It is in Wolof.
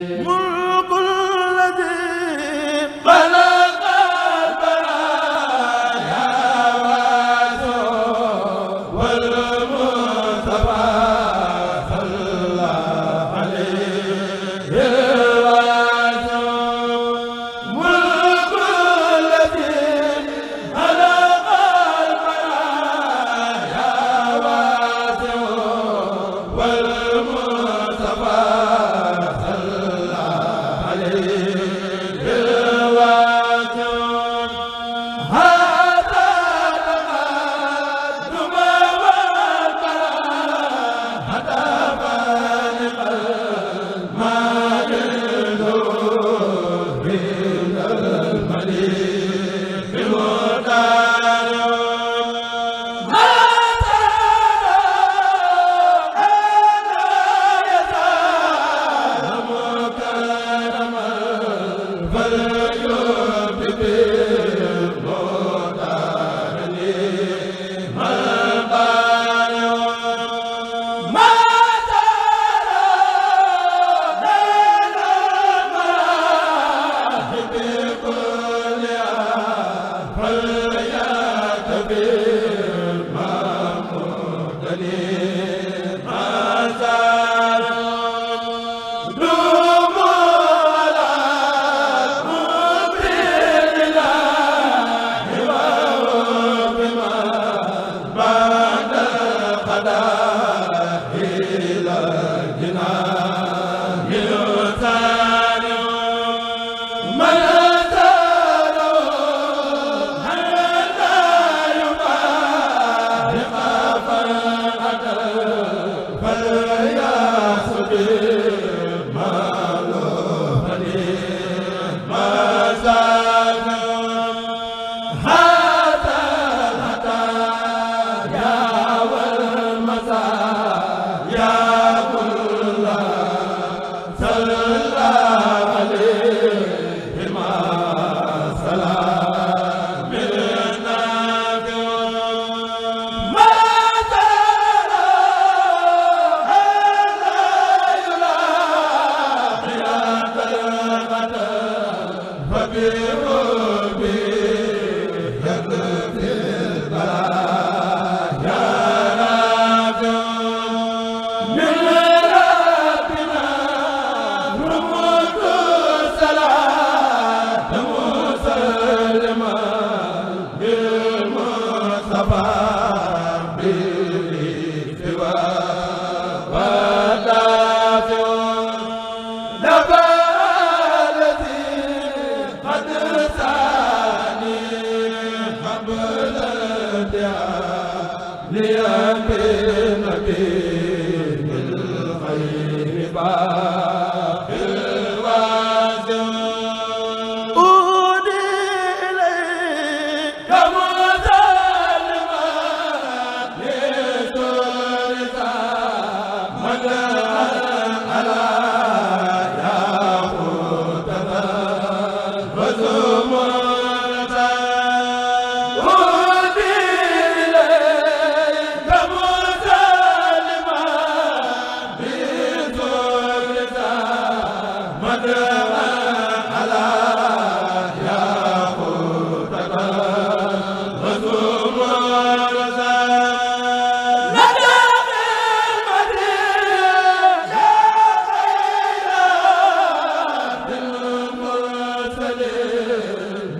Move! ba